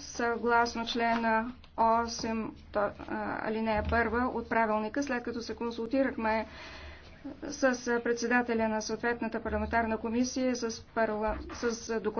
съгласно члена 8 алинея 1 от правилника, след като се консултирахме с председателя на съответната парламентарна комисия с, парла... с доклада.